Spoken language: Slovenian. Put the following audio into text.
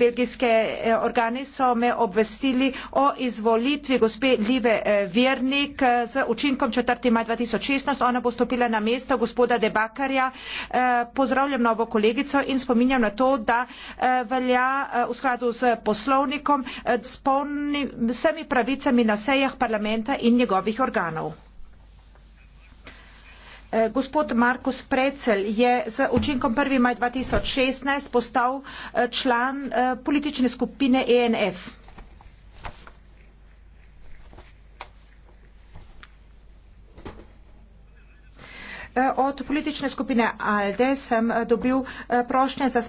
belgijske eh, organi so me obvestili o izvolitvi gospe Live eh, Vjernik eh, z učinkom 4. maj 2016. Ona bo stopila na mesto gospoda Debakarja. Pozdravljam novo kolegico in spominjam na to, da velja v skladu z poslovnikom s polnimi vsemi pravicami na sejah parlamenta in njegovih organov gospod Markus Precel je z učinkom 1. maj 2016 postal eh, član eh, politične skupine ENF. Eh, od politične skupine ALDE sem dobil prošnje za